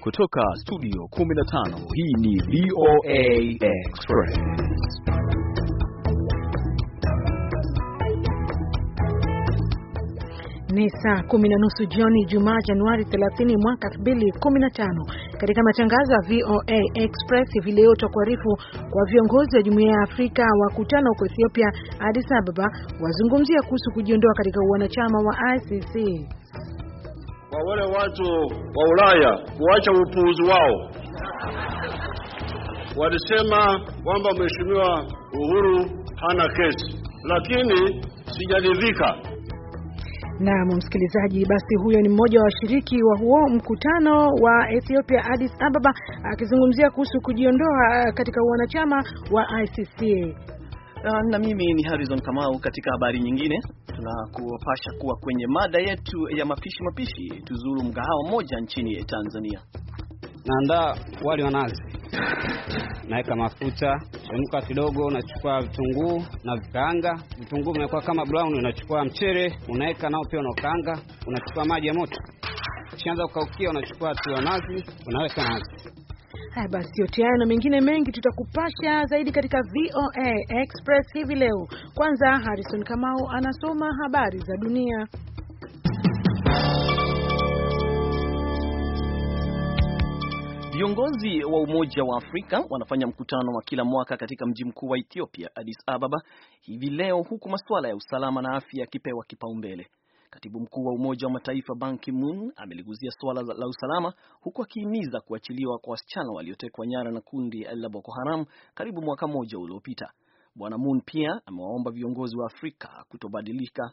Kutoka studio 15 hii ni VOA Express. Ni saa kumi na nusu jioni Jumaa Januari 30 mwaka 2015. Katika matangazo ya VOA Express hivi leo twakuarifu kwa viongozi wa Jumuiya ya Afrika wa kutana huko Ethiopia Addis Ababa wazungumzia kuhusu kujiondoa katika wanachama wa ICC kwa wale watu wa Ulaya kuacha upuuzi wao. Walisema kwamba Mheshimiwa Uhuru hana kesi, lakini sijaridhika. Naam, msikilizaji, basi huyo ni mmoja wa washiriki wa huo mkutano wa Ethiopia Addis Ababa akizungumzia kuhusu kujiondoa eh, katika wanachama wa ICC. Ah, na mimi ni Harrison Kamau. Katika habari nyingine, tunakupasha kuwa kwenye mada yetu ya mapishi mapishi, tuzuru mgahawa mmoja nchini Tanzania. Naandaa wali wa nazi, naweka mafuta, chemka kidogo, unachukua vitunguu na vikaanga. Vitunguu vimekuwa kama brown, unachukua mchele unaweka nao pia, unakaanga, unachukua maji ya moto, kishaanza kukaukia, unachukua tu nazi, unaweka nazi Haya basi, yote hayo na mengine mengi tutakupasha zaidi katika VOA Express hivi leo. Kwanza Harrison Kamau anasoma habari za dunia. Viongozi wa Umoja wa Afrika wanafanya mkutano wa kila mwaka katika mji mkuu wa Ethiopia, Addis Ababa, hivi leo, huku masuala ya usalama na afya yakipewa kipaumbele. Katibu mkuu wa Umoja wa Mataifa Ban Ki-moon ameliguzia suala la usalama huku akihimiza kuachiliwa kwa wasichana waliotekwa nyara na kundi la Boko Haram karibu mwaka mmoja uliopita. Bwana Moon pia amewaomba viongozi wa Afrika kutobadilika,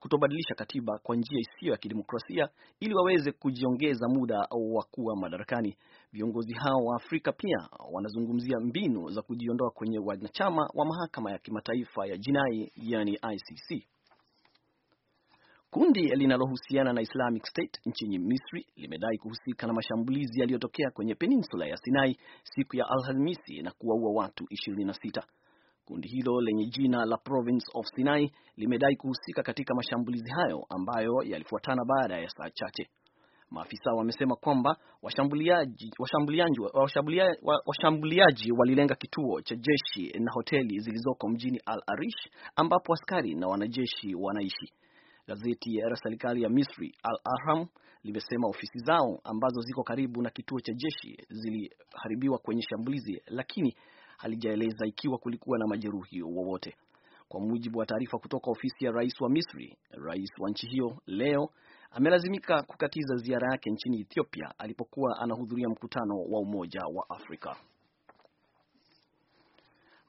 kutobadilisha katiba kwa njia isiyo ya kidemokrasia ili waweze kujiongeza muda wa kuwa madarakani. Viongozi hao wa Afrika pia wanazungumzia mbinu za kujiondoa kwenye wanachama wa mahakama ya kimataifa ya jinai, yani ICC. Kundi linalohusiana na Islamic State nchini Misri limedai kuhusika na mashambulizi yaliyotokea kwenye peninsula ya Sinai siku ya Alhamisi na kuwaua watu 26. Kundi hilo lenye jina la Province of Sinai limedai kuhusika katika mashambulizi hayo ambayo yalifuatana baada ya saa chache. Maafisa wamesema kwamba washambuliaji, washambuliaji, washambuliaji, washambuliaji walilenga kituo cha jeshi na hoteli zilizoko mjini Al Arish ambapo askari na wanajeshi wanaishi. Gazeti ya serikali ya Misri Al Ahram limesema ofisi zao ambazo ziko karibu na kituo cha jeshi ziliharibiwa kwenye shambulizi, lakini halijaeleza ikiwa kulikuwa na majeruhi wowote. Kwa mujibu wa taarifa kutoka ofisi ya rais wa Misri, rais wa nchi hiyo leo amelazimika kukatiza ziara yake nchini Ethiopia alipokuwa anahudhuria mkutano wa Umoja wa Afrika.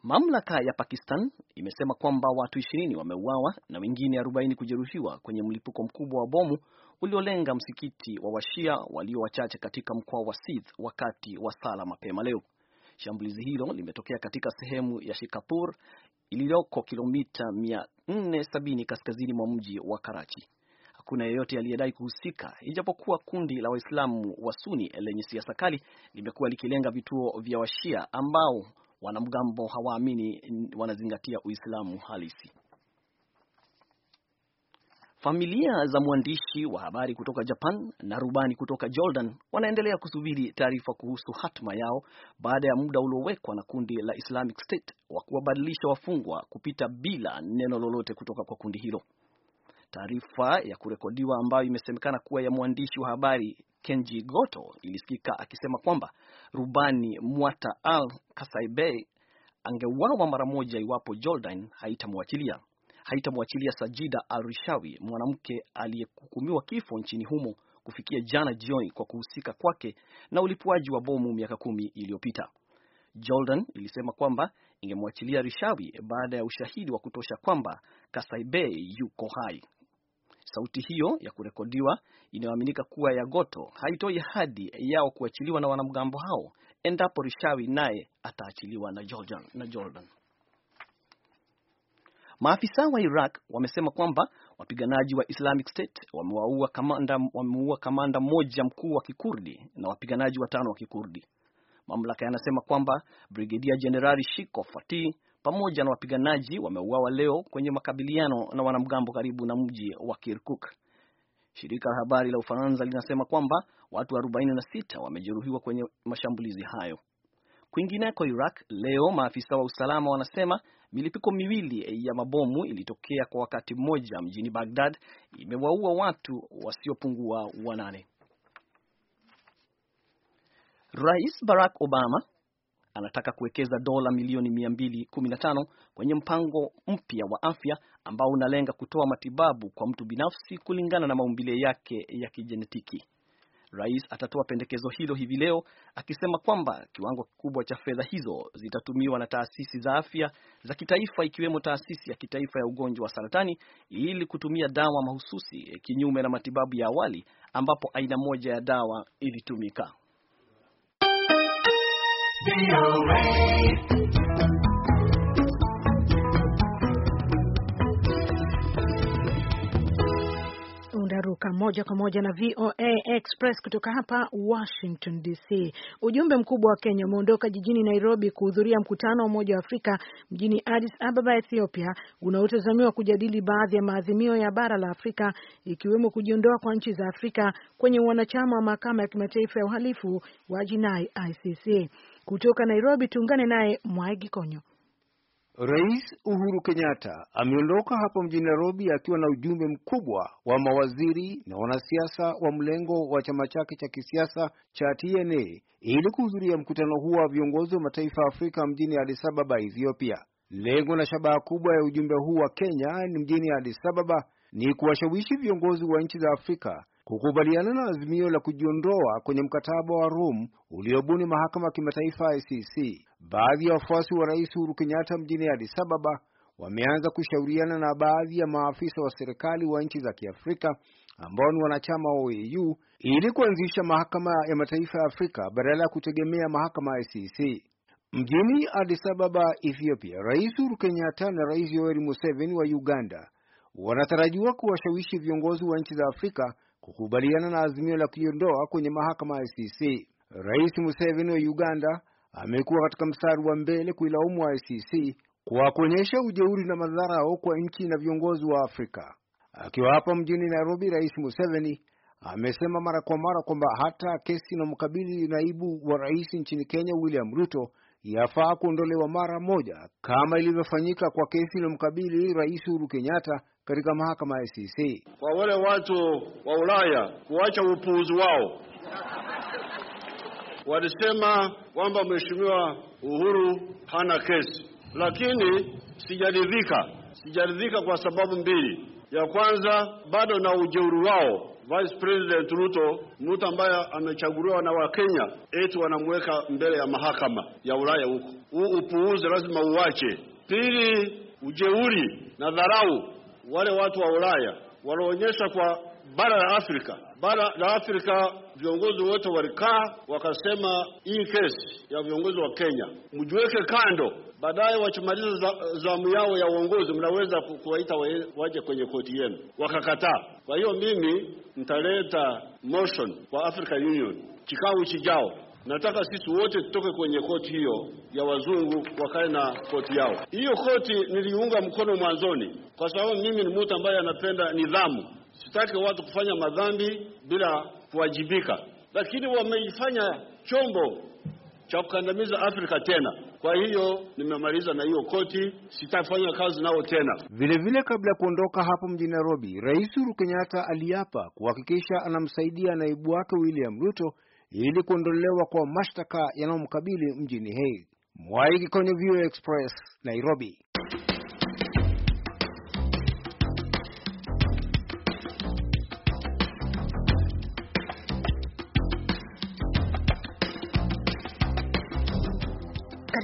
Mamlaka ya Pakistan imesema kwamba watu 20 wameuawa na wengine 40 kujeruhiwa kwenye mlipuko mkubwa wa bomu uliolenga msikiti wa Washia walio wachache katika mkoa wa Sindh wakati wa sala mapema leo. Shambulizi hilo limetokea katika sehemu ya Shikapur iliyoko kilomita 470 kaskazini mwa mji wa Karachi. Hakuna yeyote aliyedai kuhusika, ijapokuwa kundi la Waislamu wa Suni lenye siasa kali limekuwa likilenga vituo vya Washia ambao wanamgambo hawaamini wanazingatia Uislamu halisi. Familia za mwandishi wa habari kutoka Japan na rubani kutoka Jordan wanaendelea kusubiri taarifa kuhusu hatma yao baada ya muda uliowekwa na kundi la Islamic State wa kuwabadilisha wafungwa kupita bila neno lolote kutoka kwa kundi hilo. Taarifa ya kurekodiwa ambayo imesemekana kuwa ya mwandishi wa habari Kenji Goto ilisikika akisema kwamba Rubani Mwata Al Kasaibey angeuawa mara moja iwapo Jordan haitamwachilia haitamwachilia Sajida Al Rishawi, mwanamke aliyehukumiwa kifo nchini humo kufikia jana jioni kwa kuhusika kwake na ulipuaji wa bomu miaka kumi iliyopita. Jordan ilisema kwamba ingemwachilia Rishawi baada ya ushahidi wa kutosha kwamba Kasaibey yuko hai. Sauti hiyo ya kurekodiwa inayoaminika kuwa ya Goto haitoi hadi yao kuachiliwa na wanamgambo hao endapo Rishawi naye ataachiliwa na Jordan, na Jordan. Maafisa wa Iraq wamesema kwamba wapiganaji wa Islamic State wamewaua kamanda, wameua kamanda mmoja mkuu wa Kikurdi na wapiganaji watano wa Kikurdi. Mamlaka yanasema kwamba Brigedia Jenerali Shiko Fati pamoja na wapiganaji wameuawa leo kwenye makabiliano na wanamgambo karibu na mji wa Kirkuk. Shirika la habari la Ufaransa linasema kwamba watu 46 wamejeruhiwa kwenye mashambulizi hayo. Kwingineko Iraq leo, maafisa wa usalama wanasema milipuko miwili ya mabomu ilitokea kwa wakati mmoja mjini Baghdad, imewaua watu wasiopungua wanane. Rais Barack Obama anataka kuwekeza dola milioni 215 kwenye mpango mpya wa afya ambao unalenga kutoa matibabu kwa mtu binafsi kulingana na maumbile yake ya kijenetiki. Rais atatoa pendekezo hilo hivi leo akisema kwamba kiwango kikubwa cha fedha hizo zitatumiwa na taasisi za afya za kitaifa ikiwemo taasisi ya kitaifa ya ugonjwa wa saratani ili kutumia dawa mahususi kinyume na matibabu ya awali ambapo aina moja ya dawa ilitumika. Undaruka moja kwa moja na VOA Express kutoka hapa Washington DC. Ujumbe mkubwa wa Kenya umeondoka jijini Nairobi kuhudhuria mkutano wa Umoja wa Afrika mjini Addis Ababa, Ethiopia, unaotazamiwa kujadili baadhi ya maazimio ya bara la Afrika ikiwemo kujiondoa kwa nchi za Afrika kwenye wanachama wa mahakama ya kimataifa ya uhalifu wa jinai ICC. Kutoka Nairobi tuungane naye Mwagi Konyo. Rais Uhuru Kenyatta ameondoka hapo mjini Nairobi akiwa na ujumbe mkubwa wa mawaziri na wanasiasa wa mlengo wa chama chake cha kisiasa cha TNA ili kuhudhuria mkutano huo wa viongozi wa mataifa ya Afrika mjini Addis Ababa, Ethiopia. Lengo na shabaha kubwa ya ujumbe huu wa Kenya ni mjini Addis Ababa ni kuwashawishi viongozi wa nchi za Afrika kukubaliana na azimio la kujiondoa kwenye mkataba wa Rome uliobuni mahakama ya kimataifa ICC. Baadhi ya wafuasi wa Rais Uhuru Kenyatta mjini Addis Ababa wameanza kushauriana na baadhi ya maafisa wa serikali wa nchi za Kiafrika ambao ni wanachama wa EU ili kuanzisha mahakama ya mataifa ya Afrika badala ya kutegemea mahakama ya ICC. Mjini Addis Ababa, Ethiopia, Rais Uhuru Kenyatta na Rais Yoweri Museveni wa Uganda wanatarajiwa kuwashawishi viongozi wa nchi za Afrika kukubaliana na azimio la kuiondoa kwenye mahakama ya ICC. Rais Museveni wa Uganda amekuwa katika mstari wa mbele kuilaumu ICC kwa kuonyesha ujeuri na madharau kwa nchi na viongozi wa Afrika. Akiwa hapa mjini Nairobi, Rais Museveni amesema mara kwa mara kwamba hata kesi inayomkabili naibu wa rais nchini Kenya William Ruto yafaa kuondolewa mara moja kama ilivyofanyika kwa kesi inayomkabili Rais Uhuru Kenyatta katika mahakama ya ICC. Kwa wale watu wa Ulaya kuacha upuuzi wao walisema kwamba mheshimiwa Uhuru hana kesi, lakini sijaridhika. Sijaridhika kwa sababu mbili. Ya kwanza, bado na ujeuri wao Vice President Ruto, mtu ambaye amechaguliwa na Wakenya, eti wanamweka mbele ya mahakama ya Ulaya huko. Huu upuuzi lazima uwache. Pili, ujeuri na dharau wale watu wa Ulaya walionyesha kwa bara la Afrika. Bara la Afrika, viongozi wote walikaa wakasema, hii kesi ya viongozi wa Kenya mjiweke kando, baadaye wakimaliza zamu yao ya uongozi mnaweza kuwaita waje kwenye koti yenu. Wakakataa. Kwa hiyo mimi nitaleta motion kwa African Union kikao chijao Nataka sisi wote tutoke kwenye koti hiyo ya wazungu, wakae na koti yao. Hiyo koti niliunga mkono mwanzoni, kwa sababu mimi ni mtu ambaye anapenda nidhamu. Sitaki watu kufanya madhambi bila kuwajibika, lakini wameifanya chombo cha kukandamiza Afrika tena. Kwa hiyo nimemaliza na hiyo koti, sitafanya kazi nao tena. Vilevile vile, kabla ya kuondoka hapo mjini Nairobi, Rais Uhuru Kenyatta aliapa kuhakikisha anamsaidia naibu wake William Ruto ili kuondolewa kwa mashtaka yanayomkabili mjini Hague. Mwaiki kwenye VOA Express Nairobi.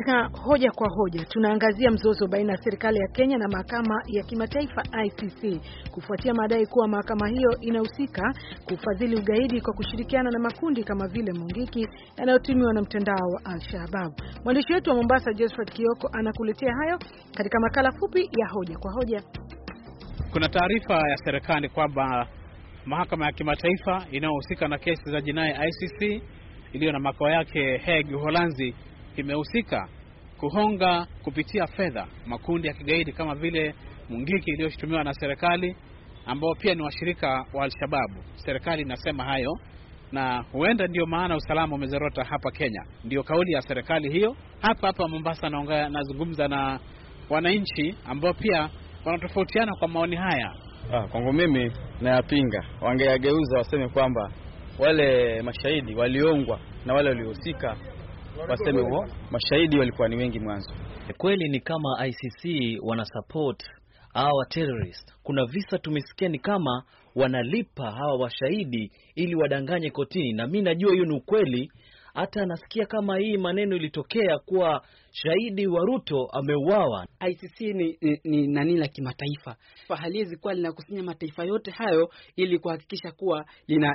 Katika hoja kwa hoja tunaangazia mzozo baina ya serikali ya Kenya na mahakama ya kimataifa ICC kufuatia madai kuwa mahakama hiyo inahusika kufadhili ugaidi kwa kushirikiana na makundi kama vile Mungiki yanayotumiwa na mtandao wa Al-Shabaab. Mwandishi wetu wa Mombasa Josephat Kioko anakuletea hayo katika makala fupi ya hoja kwa hoja. Kuna taarifa ya serikali kwamba mahakama ya kimataifa inayohusika na kesi za jinai ICC iliyo na makao yake Hague, Uholanzi imehusika kuhonga kupitia fedha makundi ya kigaidi kama vile Mungiki iliyoshutumiwa na serikali ambao pia ni washirika wa Alshababu. Serikali inasema hayo, na huenda ndio maana usalama umezorota hapa Kenya. ndio kauli ya serikali hiyo. Hapa hapa Mombasa nazungumza na wananchi ambao pia wanatofautiana kwa maoni haya. Ah, kwangu mimi nayapinga. Wangeyageuza waseme kwamba wale mashahidi waliongwa na wale waliohusika waseme huo, mashahidi walikuwa ni wengi mwanzo. Kweli ni kama ICC support hawa terrorist. Kuna visa tumesikia ni kama wanalipa hawa washahidi ili wadanganye kotini, na mi najua hiyo ni ukweli. Hata nasikia kama hii maneno ilitokea kuwa shahidi wa Ruto ameuawa. ICC ni, ni, ni nani la kimataifa, haliwezi kuwa linakusanya mataifa yote hayo ili kuhakikisha kuwa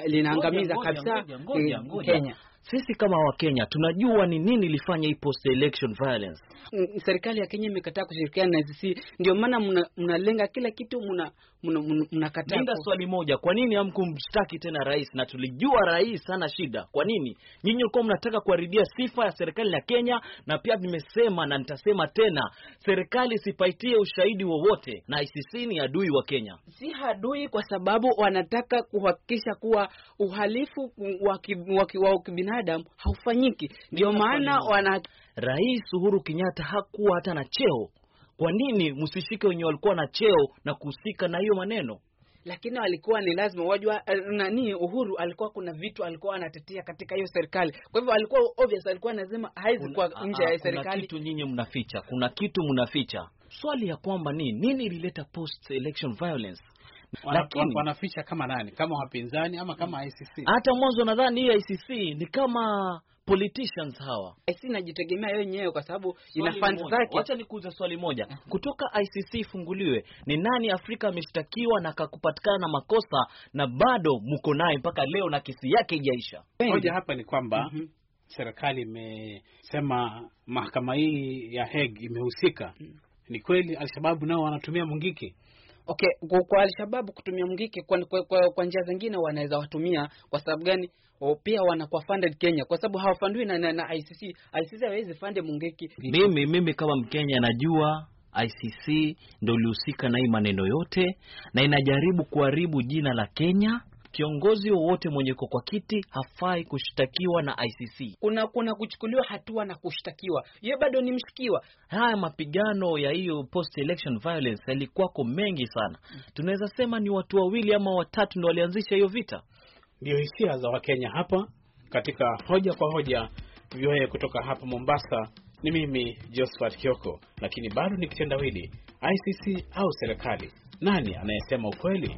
linaangamiza lina kabisa eh, Kenya. Sisi kama Wakenya tunajua ni nini ilifanya hii post election violence. Mm, serikali ya Kenya imekataa kushirikiana na ICC, ndio maana mnalenga kila kitu mna mnakataa. Ninda swali moja, kwa nini hamkumshtaki tena rais? Na tulijua rais hana shida, kwa nini nyinyi ulikuwa mnataka kuharibia sifa ya serikali ya Kenya? Na pia nimesema na nitasema tena, serikali sipaitie ushahidi wowote, na ICC ni adui wa Kenya. Si adui, kwa sababu wanataka kuhakikisha kuwa uhalifu wa kibinadamu haufanyiki, ndio maana wana Rais Uhuru Kenyatta hakuwa hata na cheo kwa nini msishike wenye walikuwa na cheo na kuhusika na hiyo maneno? Lakini walikuwa ni lazima wajua eh, nani. Uhuru alikuwa kuna vitu alikuwa anatetea katika hiyo serikali, kwa hivyo alikuwa obvious, alikuwa anasema haizi kwa nje ya serikali. Kuna kitu nyinyi mnaficha, kuna kitu mnaficha. Swali ya kwamba ni nini ilileta post election violence lakini wanaficha kama nani? Kama wapinzani ama kama ICC? Hata mwanzo nadhani hii ICC ni kama politicians hawa eh, si najitegemea yeye wenyewe kwa sababu ina fund zake. Acha nikuuze swali moja kutoka ICC ifunguliwe, ni nani Afrika ameshtakiwa na akakupatikana na makosa na bado mko naye mpaka leo na kesi yake haijaisha? Hoja hapa ni kwamba mm -hmm. Serikali imesema mahakama hii ya Hague imehusika. Mhm. Ni kweli Alshababu nao wanatumia mungiki Okay, kwa Alshababu kutumia mgiki kwa, kwa, kwa, kwa njia zingine wanaweza watumia. Kwa sababu gani? Oh, pia wanakuwa funded Kenya, kwa sababu hawafundwi na, na, na ICC. ICC hawezi fund mgiki. Mimi mimi kama Mkenya najua ICC ndio ilihusika na hii maneno yote na inajaribu kuharibu jina la Kenya Kiongozi wowote mwenye ko kwa kiti hafai kushtakiwa na ICC. Kuna kuna kuchukuliwa hatua na kushtakiwa, ye bado ni mshikiwa Haya mapigano ya hiyo post election violence yalikuwako mengi sana, tunaweza sema ni watu wawili ama watatu ndio walianzisha hiyo vita. Ndiyo hisia za Wakenya hapa katika hoja kwa hoja vyoye kutoka hapa Mombasa. Ni mimi Josephat Kioko, lakini bado ni kitendawili. ICC au serikali, nani anayesema ukweli?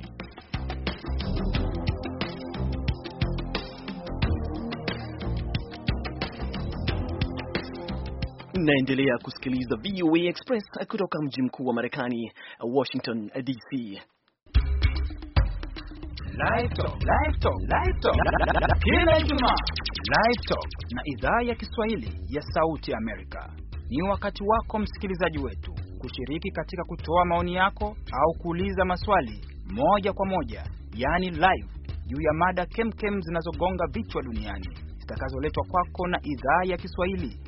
Unaendelea kusikiliza VOA Express kutoka mji mkuu wa Marekani, Washington DC. Kila Ijumaa Live Talk na idhaa ya Kiswahili ya Sauti Amerika ni wakati wako msikilizaji wetu kushiriki katika kutoa maoni yako au kuuliza maswali moja kwa moja, yaani live, juu ya mada kemkem zinazogonga vichwa duniani zitakazoletwa kwako na idhaa ya Kiswahili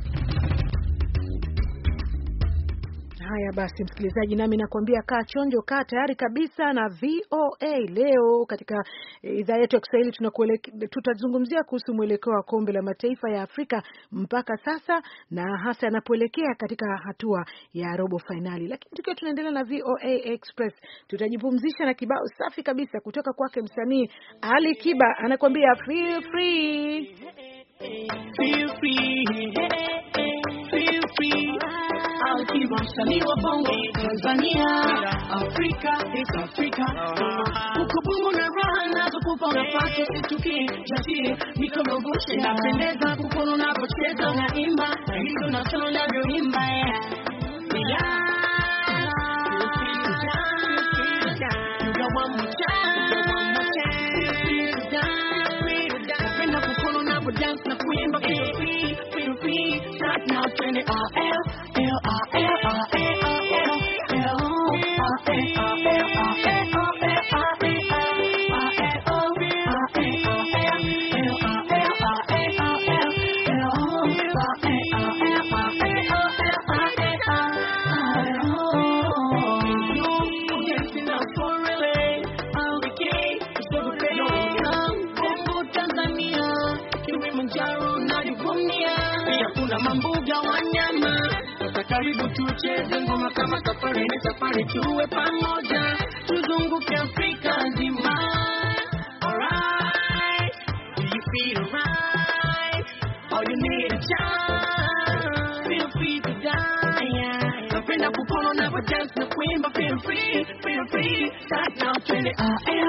Haya basi, msikilizaji, nami nakwambia kaa chonjo, kaa tayari kabisa na VOA. Leo katika eh, idhaa yetu ya Kiswahili tutazungumzia kuhusu mwelekeo wa kombe la mataifa ya Afrika mpaka sasa na hasa yanapoelekea katika hatua ya robo fainali. Lakini tukiwa tunaendelea na VOA Express, tutajipumzisha na kibao safi kabisa kutoka kwake msanii Ali Kiba, anakuambia feel free, feel free, feel free. Wasanii wa bongo Tanzania, Africa is Afrika, ukubungu Rana raha nazokupa unapata situki jasiri, mikorogoshe napendeza kukono napocheza na imba na hivyo nasolo navyoimba napenda kukono navyodansi na kuimba, na twende RL Bye. karibu tucheze ngoma kama safari ni safari, tuwe pamoja, tuzunguke Afrika nzima. you feel All you need a chance, feel free to die. feel free, feel free, start now, it up.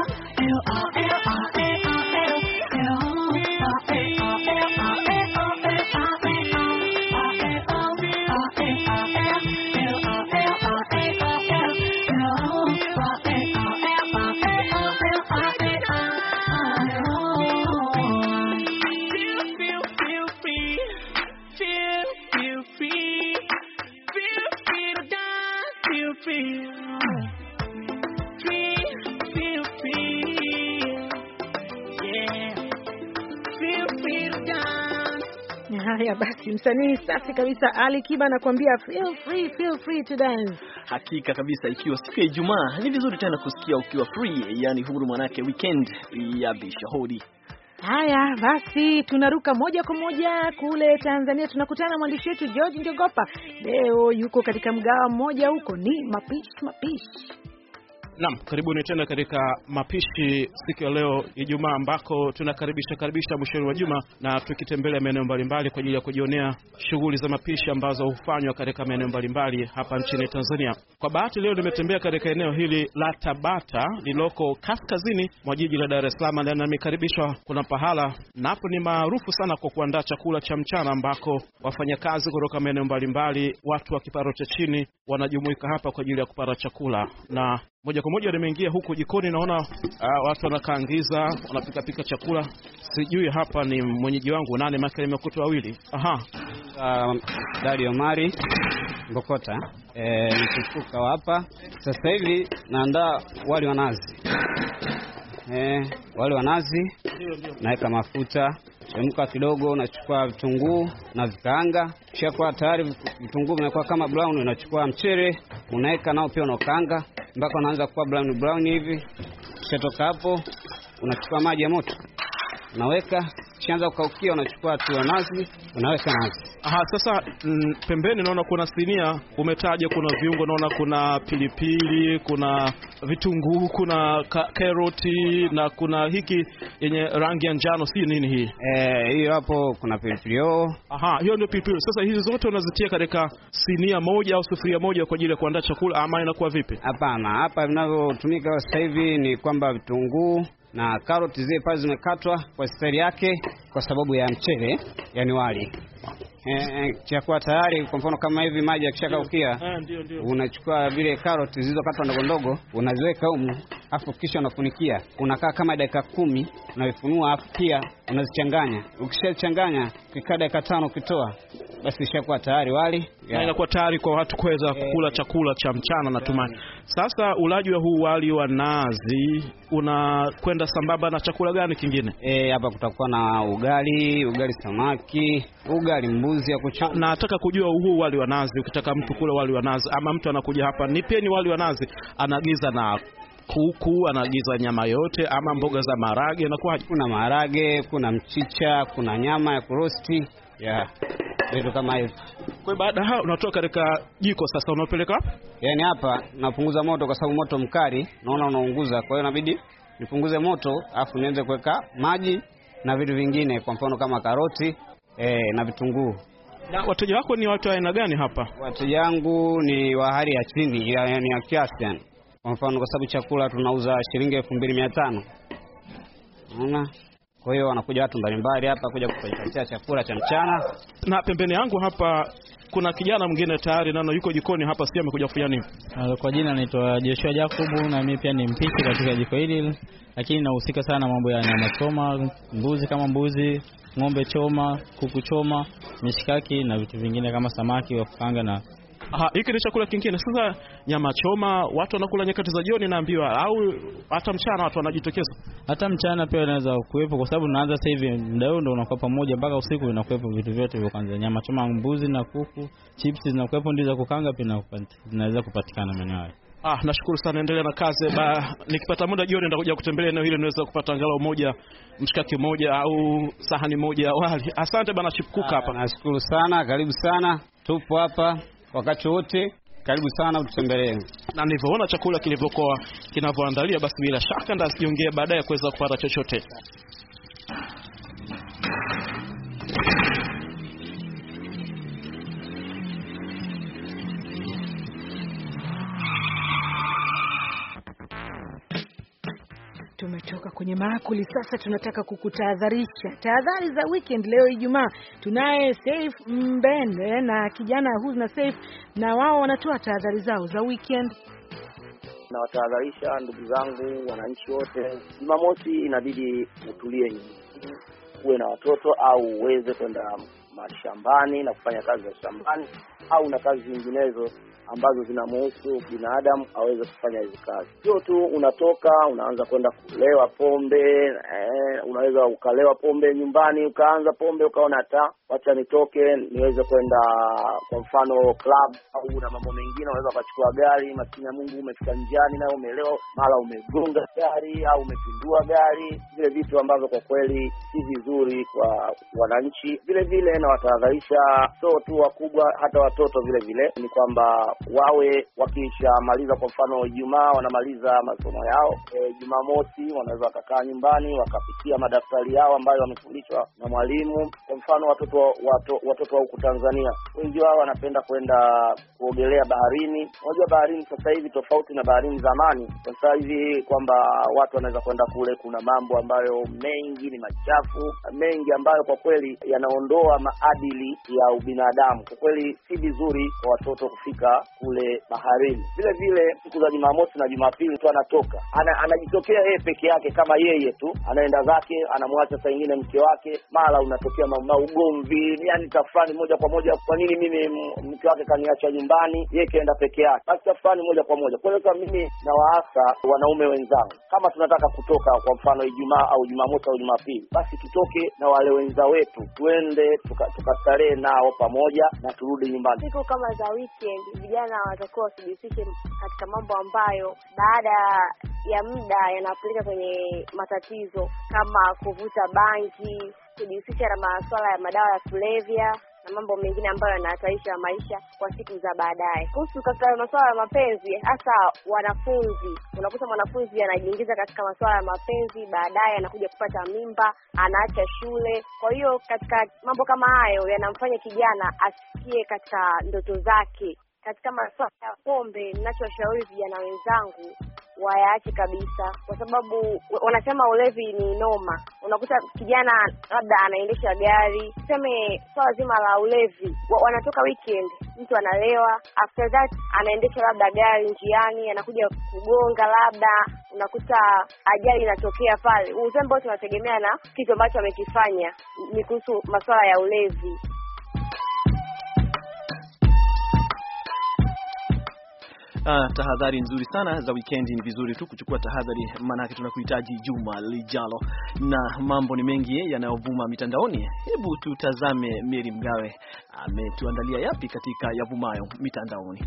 haya basi, msanii safi kabisa Ali Kiba anakuambia feel free, feel free to dance. Hakika kabisa, ikiwa siku ya Ijumaa ni vizuri tena kusikia ukiwa free, yani huru, manake weekend ya bishahodi. Haya basi, tunaruka moja kwa moja kule Tanzania, tunakutana na mwandishi wetu George Njogopa. Leo yuko katika mgawa mmoja, huko ni mapishi mapishi Naam, karibuni tena katika mapishi siku ya leo Ijumaa, ambako tunakaribisha karibisha mwishoni wa juma na tukitembelea maeneo mbalimbali kwa ajili ya kujionea shughuli za mapishi ambazo hufanywa katika maeneo mbalimbali hapa nchini Tanzania. Kwa bahati leo nimetembea katika eneo hili la Tabata lililoko kaskazini mwa jiji la Dar es Salaam, na nimekaribishwa kuna pahala napo ni maarufu sana kwa kuandaa chakula cha mchana, ambako wafanyakazi kutoka maeneo mbalimbali, watu wa kipato cha chini wanajumuika hapa kwa ajili ya kupata chakula na moja kwa moja nimeingia huku jikoni, naona uh, watu wanakaangiza, wanapikapika chakula. Sijui hapa ni mwenyeji wangu nani, maana nimekuta wawili. Aha, uh, um, Dario Omari Mbokota e, eh, mkufuka hapa. Sasa hivi naandaa wali wa nazi e, wali wa nazi, naweka mafuta chemka kidogo, unachukua vitunguu na vikaanga. Kishakuwa tayari vitunguu vinakuwa kama brown, unachukua mchele unaweka nao pia unakaanga mpaka unaanza kuwa brown brown hivi. Kishatoka hapo, unachukua maji ya moto unaweka kianza kukaukia, unachukua tu nazi, unaweka nazi. Aha, sasa m, mm, pembeni naona kuna sinia umetaja, kuna viungo, naona kuna pilipili, kuna vitunguu, kuna karoti na kuna hiki yenye rangi ya njano, si nini hii? Eh, hiyo hapo kuna pilipili hoho. Aha, hiyo ndio pilipili. Sasa hizi zote unazitia katika sinia moja au sufuria moja kwa ajili ya kuandaa chakula ama inakuwa vipi? Hapana, hapa vinavyotumika sasa hivi ni kwamba vitunguu na karoti zile pale zimekatwa kwa staili yake, kwa sababu ya mchele, yani wali. Eh, eh, chakua tayari. Kwa mfano kama hivi maji yakishakaukia, ah, unachukua vile karoti zilizokatwa ndogo ndogo, unaziweka humu, afu kisha unafunikia, unakaa kama dakika kumi, unavifunua afu pia unazichanganya. Ukishachanganya kikaa dakika tano, ukitoa basi ishakuwa tayari wali yeah. Inakuwa tayari kwa watu kuweza kukula eh. yeah, chakula cha mchana natumani. Sasa ulaji wa huu wali wa nazi unakwenda sambamba na chakula gani kingine? Eh, hapa e, kutakuwa na ugali, ugali samaki, ugali ugali, mbuzi ya kuchoma. Nataka kujua huu wali wa nazi, ukitaka mtu kula wali wa nazi ama mtu anakuja hapa, nipeni wali wa nazi, anaagiza na kuku anaagiza nyama yote ama mboga za maharage, inakuwaje? Kuna maharage, kuna mchicha, kuna nyama ya kurosti, yeah, vitu kama hivyo. Kwa baada hapo unatoka katika jiko sasa, unapeleka wapi? Yaani hapa napunguza moto, kwa sababu moto mkali naona unaunguza, kwa hiyo inabidi nipunguze moto, afu nianze kuweka maji na vitu vingine, kwa mfano kama karoti e, na vitunguu. Na wateja wako ni watu aina gani hapa? Wateja wangu ni wa hali ya chini, yaani ya kiasi yani. Kwa mfano, kwa sababu chakula tunauza shilingi elfu mbili mia tano unaona. Kwa hiyo wanakuja watu mbalimbali hapa kuja kujipatia chakula cha mchana. Na pembeni yangu hapa kuna kijana mwingine tayari nano yuko jikoni hapa, sijui amekuja kufanya nini. Kwa jina naitwa Joshua Jacob, na mimi pia ni mpishi katika jiko hili, lakini nahusika sana mambo ya nyama choma, mbuzi kama mbuzi, ng'ombe choma, kuku choma, mishikaki na vitu vingine kama samaki wa kukanga na hiki ni chakula kingine. Sasa nyama choma watu wanakula nyakati za jioni, naambiwa au hata mchana watu wanajitokeza, hata mchana pia inaweza kuwepo, kwa sababu naanza sasa hivi muda huo ndio unakuwa pamoja mpaka usiku, vinakuwepo vitu vyote hivyo, kwanza nyama choma, mbuzi na kuku, chips zinakuwepo, ndizo za kukanga pia zinaweza kupatikana maeneo hayo. Ah, nashukuru sana, endelea na kazi. Ba, nikipata muda jioni nitakuja kutembelea eneo hili niweza kupata angalau moja mshikaki moja au sahani moja wali. Asante bana Chipkuka hapa. Ah, nashukuru sana, karibu sana, tupo hapa wakati wote. Karibu sana ututembelee. Na nilivyoona chakula kilivyokoa kinavyoandalia, basi bila shaka ndasiongee baadaye kuweza kupata chochote. Tumetoka kwenye maakuli, sasa tunataka kukutahadharisha. Tahadhari za weekend leo Ijumaa, tunaye Saif Mbende na kijana na Saif, na wao wanatoa tahadhari zao za weekend. Nawatahadharisha ndugu zangu, wananchi wote, Jumamosi inabidi utulie nyumbani, uwe na watoto au uweze kwenda mashambani na kufanya kazi za shambani au na kazi zinginezo ambazo zinamuhusu binadamu aweze kufanya hizi kazi. Sio tu unatoka unaanza kwenda kulewa pombe eh, unaweza ukalewa pombe nyumbani ukaanza pombe ukaona hata wacha nitoke niweze kwenda kwa mfano club au na mambo mengine, unaweza ukachukua gari, maskini ya Mungu, umefika njiani nayo umeelewa, mara umegonga gari au umepindua gari, vile vitu ambavyo kwa kweli si vizuri kwa wananchi. Vile vile na watahadharisha sio tu wakubwa, hata watoto vile vile, ni kwamba wawe wakishamaliza kwa mfano Ijumaa wanamaliza masomo yao, e, Jumamosi wanaweza wakakaa nyumbani wakapitia madaftari yao ambayo wamefundishwa na mwalimu. Kwa mfano watoto watoto watoto wa huku Tanzania. Wengi wao wanapenda kwenda kuogelea baharini. Unajua baharini sasa hivi tofauti na baharini zamani. Sasa hivi kwamba watu wanaweza kwenda kule, kuna mambo ambayo mengi ni machafu, mengi ambayo kwa kweli yanaondoa maadili ya ubinadamu. Kwa kweli si vizuri kwa watoto kufika kule baharini. Vile vile siku za Jumamosi na Jumapili mtu anatoka ana, anajitokea yeye peke yake kama yeye tu, anaenda zake, anamwacha saa ingine mke wake, mara unatokea maugomvi vipi, yani tafurani moja kwa moja, kwa nini mimi mke wake kaniacha nyumbani, yeye kaenda peke yake? Basi tafurani moja kwa moja. Kwa hiyo sasa mimi na waasa wanaume wenzangu, kama tunataka kutoka kwa mfano Ijumaa au Jumamosi au Jumapili, basi tutoke na wale wenza wetu, tuende tukastarehe tuka nao pamoja na turudi nyumbani. Siku kama za weekend, vijana watakuwa wasijihusishe katika mambo ambayo baada ya muda yanapeleka kwenye matatizo kama kuvuta bangi kujihusisha na masuala ya madawa ya kulevya na mambo mengine ambayo yanahatarisha maisha kwa siku za baadaye. Kuhusu katika masuala ya mapenzi, hasa wanafunzi, unakuta mwanafunzi anajiingiza katika masuala ya mapenzi, baadaye anakuja kupata mimba, anaacha shule. Kwa hiyo katika mambo kama hayo yanamfanya kijana asikie katika ndoto zake. Katika masuala ya pombe, ninachoshauri vijana wenzangu wayaache kabisa, kwa sababu wanasema ulevi ni noma. Unakuta kijana labda anaendesha gari, tuseme swala zima la ulevi, wanatoka weekend, mtu analewa, after that anaendesha labda gari njiani, anakuja kugonga, labda unakuta ajali inatokea pale. Uzembe wote unategemea na kitu ambacho amekifanya, ni kuhusu masuala ya ulevi. Uh, tahadhari nzuri sana za wikendi. Ni vizuri tu kuchukua tahadhari, maanake tunakuhitaji juma lijalo, na mambo ni mengi yanayovuma mitandaoni. Hebu tutazame Meri Mgawe ametuandalia yapi katika yavumayo mitandaoni.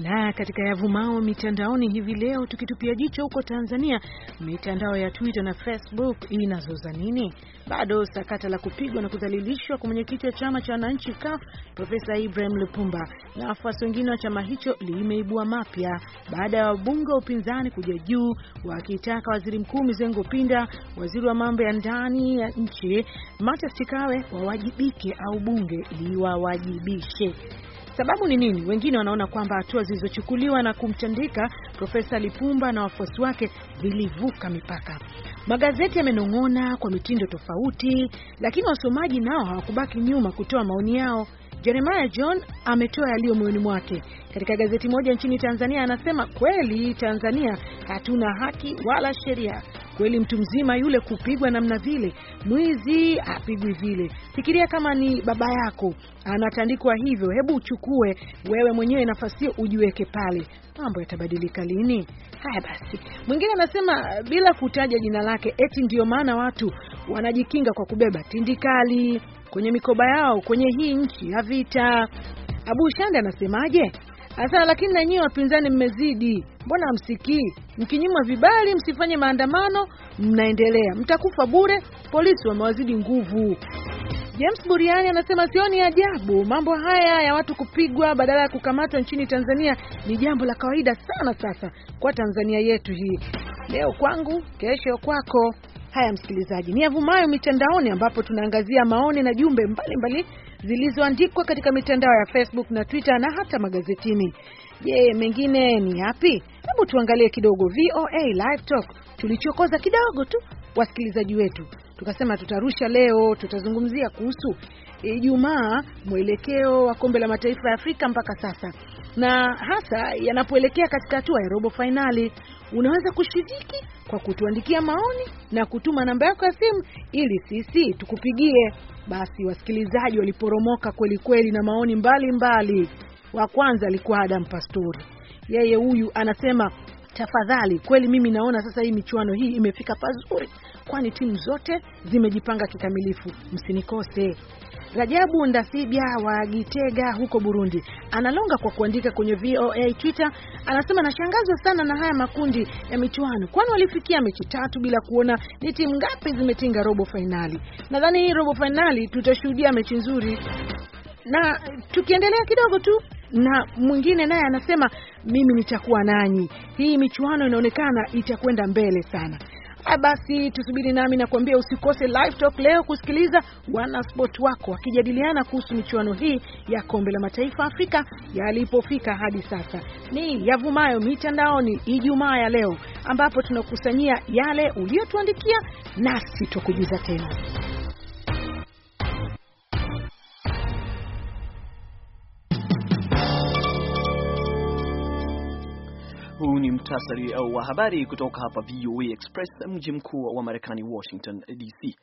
Na katika yavumao mitandaoni hivi leo, tukitupia jicho huko Tanzania, mitandao ya Twitter na Facebook inazoza nini? Bado sakata la kupigwa na kudhalilishwa kwa mwenyekiti wa chama cha wananchi CUF Profesa Ibrahim Lipumba na wafuasi wengine wa chama hicho limeibua mapya baada ya wabunge wa upinzani kuja juu wakitaka waziri mkuu Mizengo Pinda, waziri wa mambo ya ndani ya nchi Mata wawajibike au bunge liwawajibishe. Sababu ni nini? Wengine wanaona kwamba hatua zilizochukuliwa na kumtandika Profesa Lipumba na wafuasi wake vilivuka mipaka. Magazeti yamenong'ona kwa mitindo tofauti, lakini wasomaji nao hawakubaki nyuma kutoa maoni yao. Jeremiah John ametoa yaliyo moyoni mwake katika gazeti moja nchini Tanzania. Anasema kweli Tanzania hatuna haki wala sheria, Kweli mtu mzima yule kupigwa namna vile, mwizi apigwi vile. Fikiria kama ni baba yako anatandikwa hivyo, hebu uchukue wewe mwenyewe nafasi hiyo, ujiweke pale. Mambo yatabadilika lini? Haya basi, mwingine anasema bila kutaja jina lake, eti ndiyo maana watu wanajikinga kwa kubeba tindikali kwenye mikoba yao kwenye hii nchi ya vita. Abu Shande anasemaje? Anasema lakini na nyinyi wapinzani mmezidi, mbona msikii? Mkinyimwa vibali, msifanye maandamano, mnaendelea mtakufa bure, polisi wamewazidi nguvu. James Buriani anasema sioni ajabu mambo haya ya watu kupigwa badala ya kukamatwa nchini Tanzania ni jambo la kawaida sana sasa kwa Tanzania yetu hii. Leo kwangu, kesho kwako. Haya msikilizaji, ni yavumayo mitandaoni, ambapo tunaangazia maoni na jumbe mbalimbali zilizoandikwa katika mitandao ya Facebook na Twitter na hata magazetini. Je, mengine ni yapi? Hebu tuangalie kidogo. VOA Live Talk tulichokoza kidogo tu wasikilizaji wetu, tukasema tutarusha leo. Tutazungumzia kuhusu Ijumaa, mwelekeo wa kombe la mataifa ya Afrika mpaka sasa na hasa yanapoelekea katika hatua ya robo fainali. Unaweza kushiriki kwa kutuandikia maoni na kutuma namba yako ya simu ili sisi tukupigie. Basi wasikilizaji waliporomoka kweli kweli na maoni mbalimbali. Wa kwanza alikuwa Adam Pastori, yeye huyu anasema Tafadhali kweli, mimi naona sasa hii michuano hii imefika pazuri, kwani timu zote zimejipanga kikamilifu. Msinikose. Rajabu Ndasibya wa Gitega huko Burundi analonga kwa kuandika kwenye VOA Twitter, anasema anashangazwa sana na haya makundi ya michuano, kwani walifikia mechi tatu bila kuona ni timu ngapi zimetinga robo fainali. Nadhani hii robo fainali tutashuhudia mechi nzuri, na tukiendelea kidogo tu na mwingine naye anasema mimi nitakuwa nanyi. Hii michuano inaonekana itakwenda mbele sana. Ah, basi, tusubiri nami na kuambia usikose live talk leo kusikiliza wanaspoti wako wakijadiliana kuhusu michuano hii ya kombe la mataifa Afrika yalipofika hadi sasa, ni yavumayo mitandaoni Ijumaa ya leo, ambapo tunakusanyia yale uliyotuandikia, nasi tukujuza tena. Huu ni mtasari uh, wa habari kutoka hapa VOA Express, mji mkuu wa Marekani, Washington uh, DC.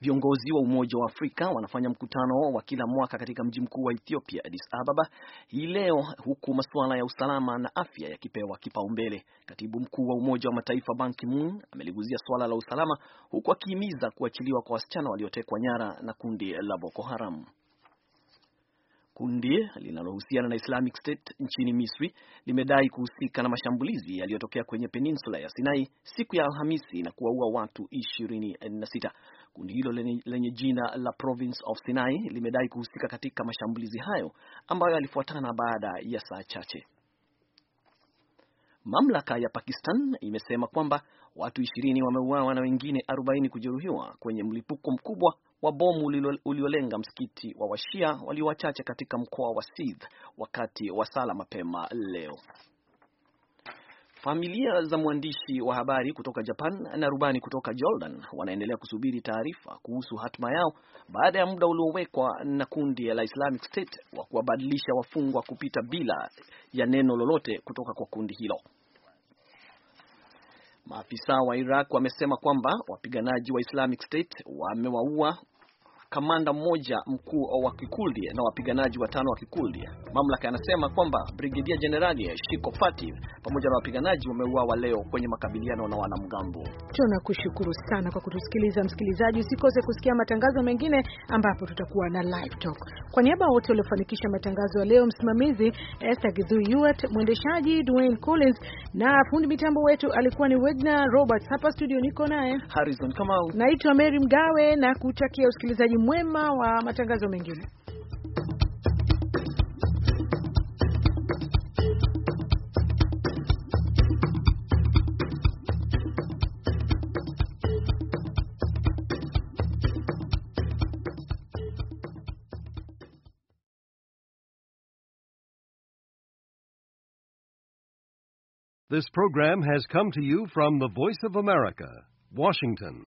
Viongozi wa Umoja wa Afrika wanafanya mkutano wa kila mwaka katika mji mkuu wa Ethiopia, Addis Ababa, hii leo, huku masuala ya usalama na afya yakipewa kipaumbele. Katibu mkuu wa Umoja wa Mataifa Ban Ki-moon ameliguzia suala la usalama, huku akihimiza kuachiliwa kwa wasichana waliotekwa nyara na kundi la Boko Haram. Kundi linalohusiana na Islamic State nchini Misri limedai kuhusika na mashambulizi yaliyotokea kwenye peninsula ya Sinai siku ya Alhamisi na kuwaua watu 26. Kundi hilo lenye jina la Province of Sinai limedai kuhusika katika mashambulizi hayo ambayo yalifuatana baada ya saa chache. Mamlaka ya Pakistan imesema kwamba watu 20 wameuawa na wengine 40 kujeruhiwa kwenye mlipuko mkubwa wa bomu uliolenga msikiti wa Washia walio wachache katika mkoa wa Sindh wakati wa sala mapema leo. Familia za mwandishi wa habari kutoka Japan na rubani kutoka Jordan wanaendelea kusubiri taarifa kuhusu hatima yao baada ya muda uliowekwa na kundi la Islamic State wa kuwabadilisha wafungwa kupita bila ya neno lolote kutoka kwa kundi hilo. Maafisa wa Iraq wamesema kwamba wapiganaji wa Islamic State wamewaua kamanda mmoja mkuu wa kikundi na wapiganaji watano wa kikundi. Mamlaka yanasema kwamba Brigedia Jenerali Shiko Fatih pamoja na wapiganaji wameuawa leo kwenye makabiliano na wanamgambo. Tunakushukuru sana kwa kutusikiliza msikilizaji, usikose kusikia matangazo mengine ambapo tutakuwa na live talk. Kwa niaba ya wote waliofanikisha matangazo ya leo, msimamizi Esther Githui mwendeshaji Dwayne Collins na fundi mitambo wetu alikuwa ni Wagner Roberts. Hapa studio niko naye Harrison Kamau, naitwa Mary Mgawe na kutakia usikilizaji mwema wa matangazo mengine. This program has come to you from the Voice of America, Washington.